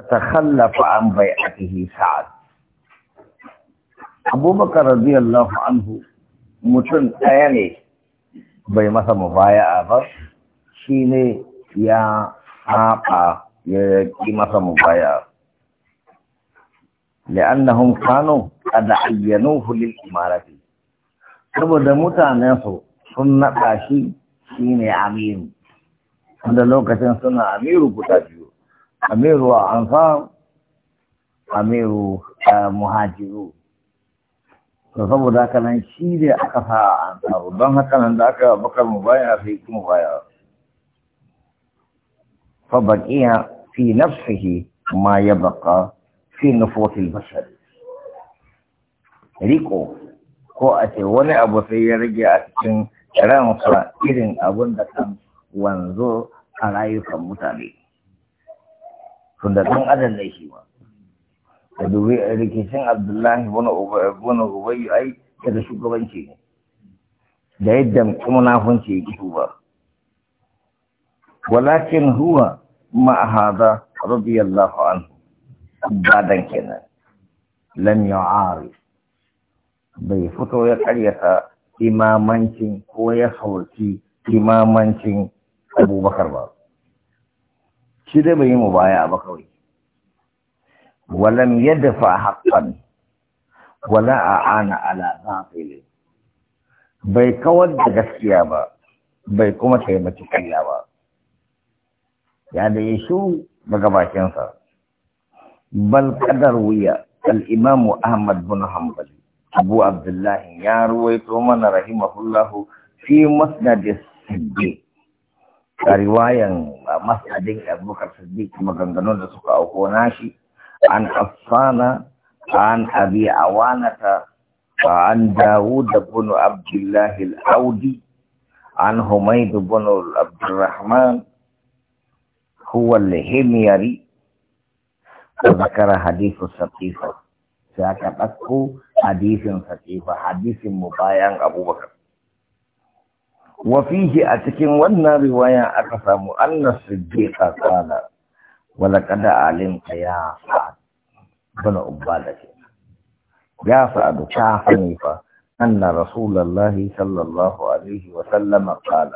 فتخلف عن بيعته سعد أبو بكر رضي الله عنه متن أيني bai masa mubaya'a ba shi ne ya haɓa ya ƙi masa mubaya'a لأنهم كانوا قد عينوه للإمارة saboda mutanensu sun naɗa shi shi ne amiru wanda lokacin suna amiru guda biyu amiru ansar amiru a eh, muhajiru to saboda haka nan shi ne aka sa ansaru don haka nan da aka bakar mu baya sai kuma baya fa baqiya fi nafsihi ma baka fi nufusil bashar riko ko a ce wani abu sai ya rage a cikin ransa irin abun da kan wanzo a rayukan mutane tunda ɗan adam ne shi ma da dubi rikicin abdullahi wani ubayu ai daga shugabanci ne da yadda munafunci ya kitu ba walakin huwa ma'ahada radiyallahu anhu badan kenan lam yu'arif bai fito ya karyata imamancin ko ya sauki imamancin abubakar ba shi dai bai yi mu baya ba kawai walam yadfa haqqan wala ana ala zafil bai kawar da gaskiya ba bai kuma taimaki kalla ba ya da yi shu daga bakinsa bal kadar wuya al-imam ahmad bin hanbali abu abdullahi ya ruwaito mana rahimahullahu fi masnadis siddiq a riwayan abu ah, abubakar kuma maganganun da suka auko nashi an asana, an abi awanata an dawud bin abdullah al-audi an humayd bin abdurrahman huwa al-himyari ذكر حديث السقيفة سأكتبت حديث السقيفة حديث مبايع أبو بكر وفيه أتكين ونا رواية أقسم أن الصديق قال ولقد علم يا سعد بن عبادة يا سعد كافني أن رسول الله صلى الله عليه وسلم قال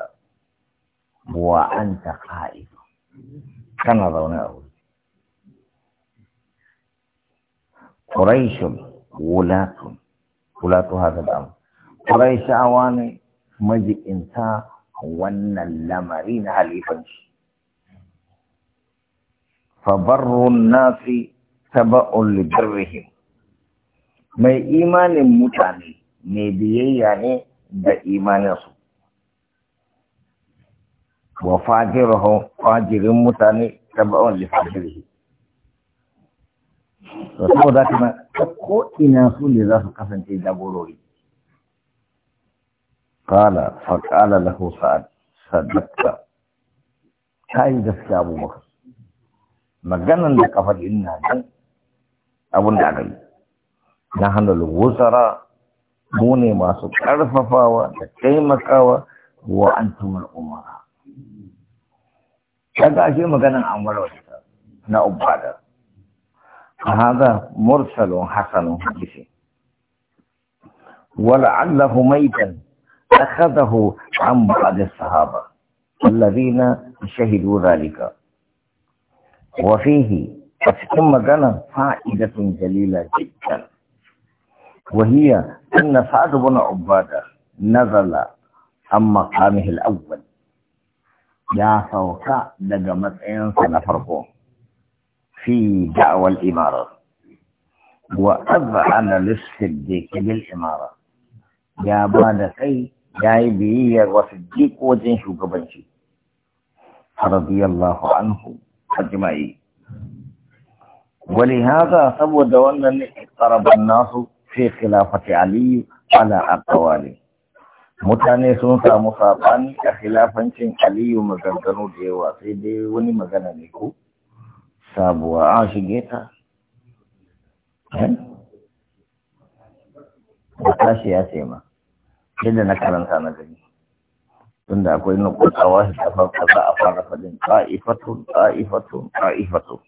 وأنت قائد كان ظناؤه قريش ولاة ولاة هذا الأمر قريش أواني majiƙinta wannan lamari na halifanci Fabarun nasi taba'un libirrihim mai imanin mutane mai biyayya ne da imaninsu wa fajirin mutane taba'un libirrihim to saboda kuma ko ina su ne za su kasance jagorori قال فقال له سعد صدقت هاي يا ابو بكر ما قال لك افر ابو نعقل نحن الوزراء بوني ما سكرف فاوى تكيم كاوى وانتم الامراء هذا شيء ما كان عمر na ubada hada mursalun hasanun hadisi wala allahu maitan أخذه عن بعض الصحابة الذين شهدوا ذلك وفيه ثم قال فائدة جليلة جدا وهي أن سعد بن عبادة نزل عن مقامه الأول يا سوكا دقمت إنسان نفرقه في دعوى الإمارة وأذعن للصديق بالإمارة يا بعد كي ya yi biyayyar wasu jikojin wajen shugabanci radiyallahu anhu jima'i. a wani haka saboda wannan ne qarab nasu nas fi khilafati aliyu ala aqwali mutane sun samu sabani a khilafancin Aliyu maganganu da yawa sai dai wani magana ne ko sabuwa a shige ta eh? ya ce ma yadda na karanta na gani tunda akwai na kusawa da farko za a fara faɗin ƙa'ifatun ƙa'ifatun ƙa'ifatun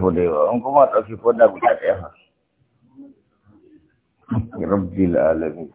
ko da yawa an kuma ɗauki ko da guda ɗaya rabbil alamin